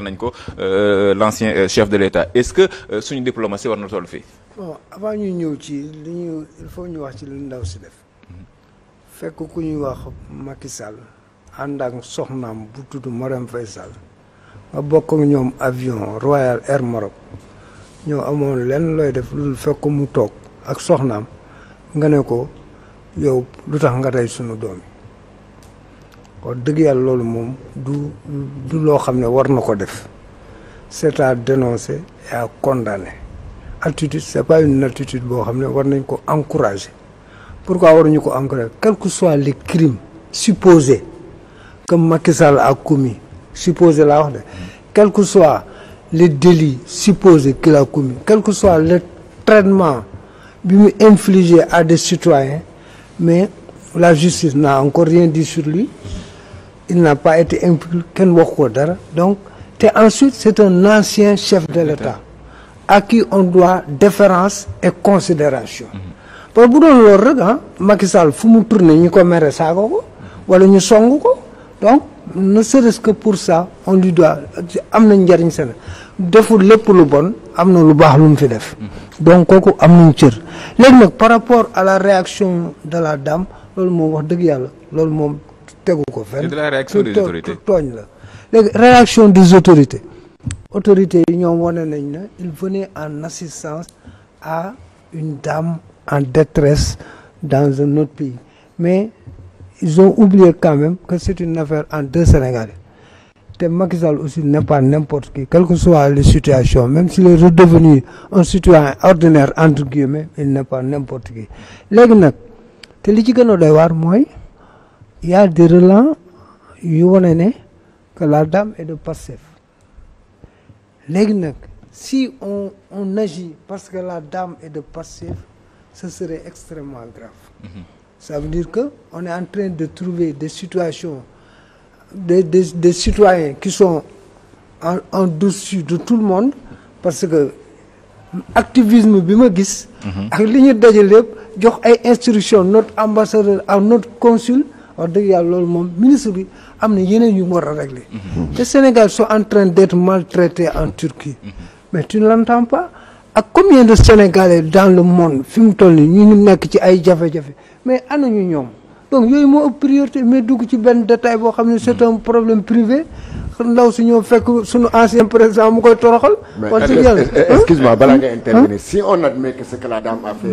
nañ ko euh, l'ancien euh, chef de l'État est-ce que euh, suñu diplomatie war na toll fii. avant ñuy ñëw ci li ñu il faut ñu wax ci li ndaw si def fekk ku ñuy wax Macky Sall ànd ak soxnaam bu tudd Marème Faye Sall nga bokk ñoom avion Royal Air Maroc ñoo amoon lenn looy def lu fekk mu toog ak soxnaam nga ne ko yow lu tax nga tey sunu doom yi kon dëgg yàlla loolu moom du loo xam ne war na ko def c'est à dénoncer et à condamner attitude c'est pas une attitude boo xam ne war nañ ko encourager war waruñu ko encourager quel que soit le crimes supposés que Macky Sall a commis supposé laa wax de quel que soit les délits supposés qu'il a commis quel que soit le traitement bi mu infliger à des citoyens mais la justice n'a encore rien dit sur lui il n'a pas été impliqué kenn wax ko dara donc te ensuite c'est un ancien chef de l'État à qui on doit déférence et considération parce bu doon loolu rek ah fu mu tourné ñu ko mere saaga ko wala ñu song ko donc ne serait-ce que pour ça on lui doit am na njariñ seen deful lépp lu bon am na lu baax lu mu fi def donc kooku am nañu cër léegi nag par rapport à la réaction de la dame loolu moom wax dëgg yàlla loolu moom tegu ko fenn. la réaction des autorités tooñ la léegi réaction des autorités. autorités yi ñoom wane nañ ne il venait en assistance à une dame en détresse dans un autre mais ils ont oublié quand même que c'est une affaire en deux Sénégalais te Macky aussi n'est pas n'importe qui quelle que soit la situation même s'il est redevenu un citoyen ordinaire entre guillemets il n'est pas n'importe qui léegi nag te li ci gën a doy mooy il y a des relents yu wane ne que la dame et de Pastef léegi nag si on on agit parce que la dame est de Pastef ce serait extrêmement grave mm -hmm. dire que on est en train de trouver des situations des des, des citoyens qui sont en en dessus de tout le monde parce que activisme bi ma gis. Mhm. ak li ñu daje lépp jox ay instructions not ambassadeur à notre consul. waa dëgg yàlla loolu moom ministre bi am na yeneen yu mu war a régler te Sénégal sont en train d'être en Turquie mais tu ne l'entends pas ak combien de Sénégalais dans le monde fi mu toll nii ñu nekk ci ay jafe-jafe mais ana ñu ñoom donc yooyu moo ëpp priorité mais dugg ci benn détail boo xam ne c'est un problème privé ndaw si ñoo fekk suñu ancien président mu koy toroxal. wax dëgg yàlla excuse-moi balaa nga intervenir si on admet que ce que la dame a fait.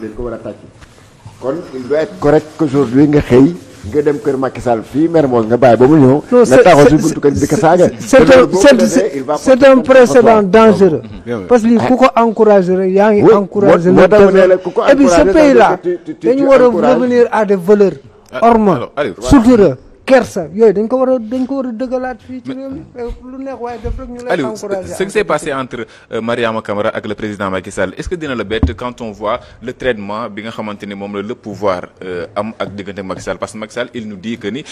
dañ ko war a tàcc. kon il doit être correct qu'aujourd'hui nga xëy nga dem kër Macky Sall fii Mermoz nga bàyyi ba mu ñëw. nga taxaw si buntu kër di saaga. c'est un précédent dangereux. Mm, parce que lii ku ko yaa ngi. encouragé le peuple et puis ce pays là dañu war a revenir à des valeurs. Ah, orma sutura kersa yooyu dañ ko war a dañ ko a dëggalaat fii ci réew mi euh, lu neex waaye def rek ñu lay encouragé ce qui s'est passé entre euh, Mariama Camara ak le président Macky est-ce que dina la bett quand on voit le traitement bi nga xamante ni moom la le pouvoir euh, am ak diggante Macky Sall parce que Macky Sall il nous dit que ni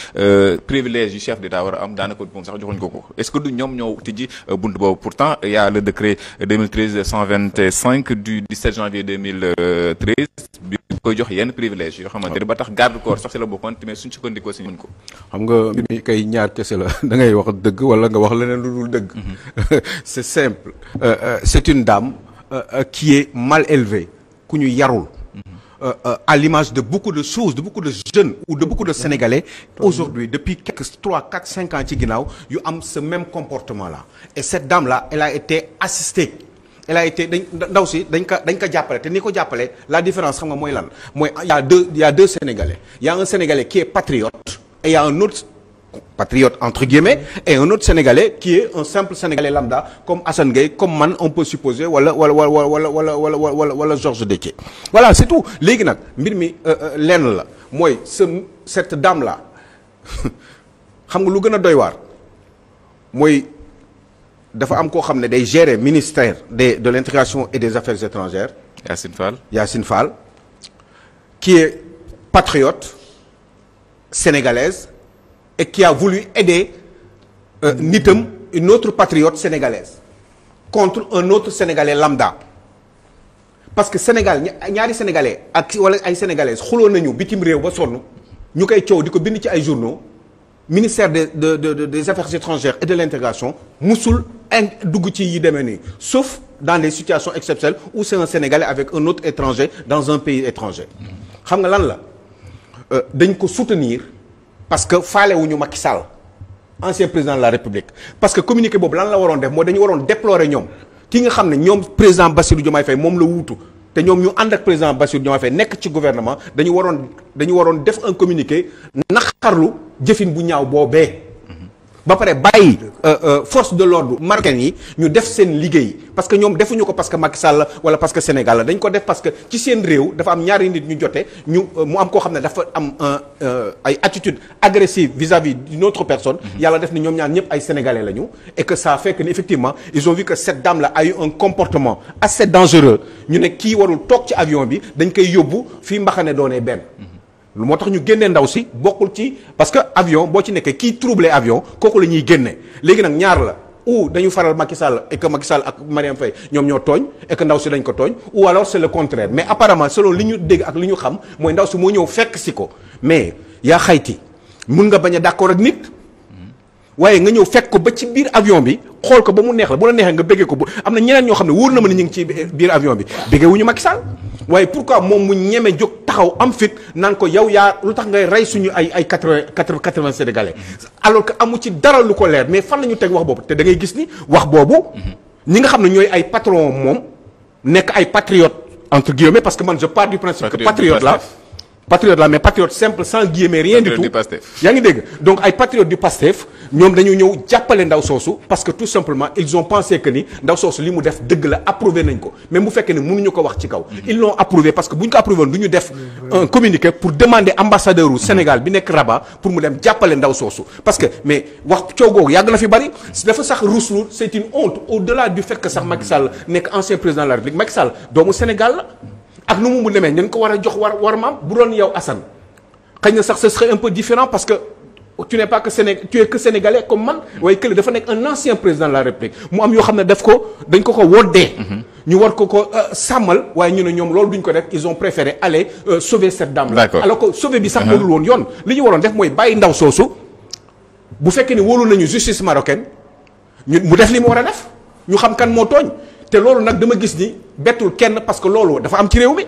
privilège yu chef d'état war a am daanaka moom sax joxuñ ko ko est-ce que du ñoom ñoo tijji bunt boobu pourtant il y a le décret du janvier 2013 koy jox yenn privilège yoo xamante ni ba tax garde corps sax si la bokkoon xam nga mbir mi kay ñaar kese la da ngay wax dëgg wala nga wax leneen lu dul dëgg. Mm-hmm. c'est simple. Euh, euh, c'est une dame euh, qui est mal élevée ku ñu yarul. Mm-hmm. à l'image de beaucoup de choses de beaucoup de jeunes ou de beaucoup de sénégalais mm-hmm. aujourd'hui depuis quelques trois quatre cinq ans ci ginnaaw yu am ce même comportement là et cette dame là elle a été assistée elle a été ndaw si dañ ko dañ ko jàppale te ni ko jàppale la différence xam nga mooy lan mooy y a deux y a deux sénégalais qui est patriote et il y a un autre patriote entre guillemets et un autre sénégalais qui est un simple sénégalais lambda comme Assane comme man on peut supposer wala wala wala wala wala wala wala wala Georges Déthié voilà c'est tout léegi nag mbir mi lenn la mooy ce cette dame là xam nga lu gën a doy waar mooy dafa am koo xam ne day gérer ministère des de l'intégration et des affaires étrangères Yacine Fall Yacine Fall est patriote sénégalaise et qui a voulu aider euh, nitam une autre patriote sénégalaise contre un autre sénégalais lambda parce que Sénégal ñaari sénégalais ak wala ay sénégalaises xuloo nañu bitim réew ba sonn ñu koy coow di ko bind ci ay journaux ministère de de de des affaires étrangères et de l'intégration musul dugg ci yi demee nii sauf dans des situations exceptionnelles où c'est un sénégalais avec un autre étranger dans un pays étranger xam nga lan la. Euh, dañ ko soutenir parce que faale wuñu Macky Sall ancien président de la République parce que communiqué boobu lan la waroon def mooy dañu waroon déplorer ñoom ki nga xam ne ñoom président Bassirou Diomaye Faye moom la wutu te ñoom ñu ànd ak président Bassirou Diomaye Faye nekk ci gouvernement dañu waroon dañu waroon def un communiqué naqarlu jëfin bu ñaaw boobee. ba pare bàyyi euh, euh, force de l'ordre marocain yi ñu def seen liggéey parce que ñoom defuñu ko parce que Macky Sall la wala parce que Sénégal la dañ ko def parce ci seen réew dafa am ñaari nit ñu jote ñu euh, mu am koo xam ne dafa am ay attitude agressive vis-à-vis d'une autre personne mhm. yàlla def ni ñoom ñaan ñëpp ay sénégalais lañu et que ça fait que ni effectivement ils ont vu que cette dame là a un comportement assez dangereux ñu ne kii warul toog ci avion bi dañ koy yóbbu fii mbaxane doonee benn mhm. lu moo tax ñu génnee ndaw si bokkul ci parce que avion boo ci nekkee kii troublé avion kooku la ñuy génne léegi nag ñaar la ou dañu faral Macky Sall et que Macky Sall ak Mariam Faye ñoom ñoo tooñ et ndaw si lañ ko tooñ ou alors c'est le contraire mais apparemment selon li ñu dégg ak li ñu xam mooy ndaw si moo ñëw fekk si ko mais yaa xayti mun nga bañ a d'accord ak nit waaye nga ñëw fekk ko ba ci biir avion bi xool ko ba mu neex la bu la neexee nga béggee ko bu xam ne na ma ne ñu ngi ci biir avion bi béggee ñu Macky Sall waaye pourquoi moom mu ñeme jóg taxaw am fit naan ko yow yaa lu tax ngay rey suñu ay ay quatre-vingt quatre-vingt sénégalais alors que amu ci dara lu ko leer mais fan la ñu teg wax boobu te da ngay gis ni wax boobu. ñi nga xam ne ñooy ay patron moom nekk ay patriote entre guillemets parce que man je pars du principe que la patriote la mais patriote simple sans guillemets rien du tout yaa ngi dégg donc ay patriote du Pastef ñoom dañu ñëw jàppale ndaw soosu parce que tout simplement ils ont pensé que ni ndaw soosu li mu def dëgg la approuvé nañ ko mais bu fekkee ne mënuñu ko wax ci kaw ils l'ont approuvé parce que bu ñu ko approuvé woon du ñu def un communiqué pour demander ambassadeur u Sénégal bi nekk Rabat pour mu dem jàppale ndaw soosu parce que mais wax coow googu yàgg na fi bari dafa sax ruslu c'est une honte au-delà du fait que sax Macky Sall nekk ancien président de la ak nu mu mu demee ñu ngi ko war a jox war war maam bu doon yow Assane xëy na sax ce serait un peu différent parce que tu n'es pas que Séné tu es que sénégalais comme man. waaye kële dafa nekk un ancien président de la République mu am yoo xam ne daf ko dañ ko ko woddee. Mhm. ñu war ko ko euh, sàmmal waaye ñu ne ñoom loolu duñ ko def ils ont préféré aller euh, sauver cette dame là. alors que sauver bi sax mënul uh-huh. woon yoon. li ñu waroon def mooy bàyyi ndaw soosu bu fekkee ne wóolu nañu justice marocaine ñu mu def li mu war a def ñu xam kan moo tooñ te loolu nag dama gis ni. bettul kenn parce que loolu dafa am ci réew mi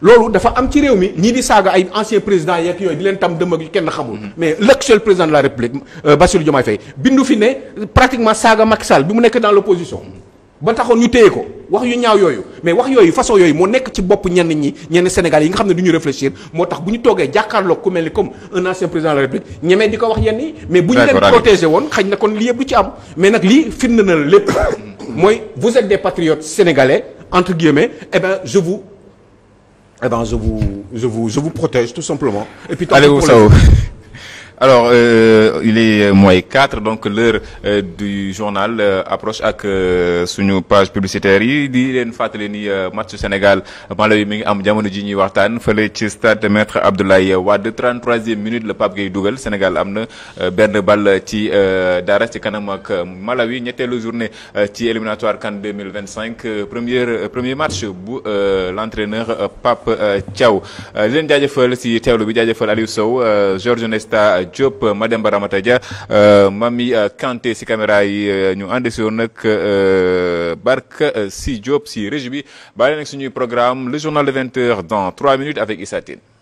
loolu dafa am ci réew mi ñii di saaga ay ancien président yeeg yooyu di leen tam dëmm ak kenn xamul mm-hmm. mais l'actuel président de la république euh, Bassirou Diomaye Faye bindu fi ne pratiquement saaga Macky Sall bi mu nekk dans l'opposition ba taxoon ñu téye ko wax yu ñaaw yooyu mais wax yooyu façon yooyu moo nekk ci bopp ñenn ñi ñenn Sénégal yi nga xam ne du ñu réfléchir moo tax bu ñu toogee jàkkaarloog ku mel ni comme un ancien président de la République ñemee di ko wax yenn yi na kon lii yëpp du ci am mais nag lii firnde lépp mooy vous êtes des patriotes entre guillemets eh ben je vous eh ben je vous je vous je vous protège tout simplement. et puis tant pis pour les alors euh, il est moins quatre donc l'heure euh, du journal euh, approche ak euh, suñu page publicitaire yi di leen fàttali ni euh, match Sénégal Malawi mi ngi am jamono ji ñuy waxtaan fële ci stade maître Abdoulaye Wade 33e minute la Pape Gueye dugal Sénégal am na benn bal ci dara ci kanam ak Malawi ñetteelu journée ci éliminatoire CAN 2025 première premier match bu l'entraîneur Pape Thiaw di leen jaajëfal si teewlu bi jaajëfal Aliou Sow Georges Nesta Diop euh, Mademba Ramata Dia euh, Mami euh, Kanté si caméra yi ñu ànd si woon nag Barka si Diop si régie bi bàyyi nag suñuy programme le journal de 20 heures dans 3 minutes avec Issa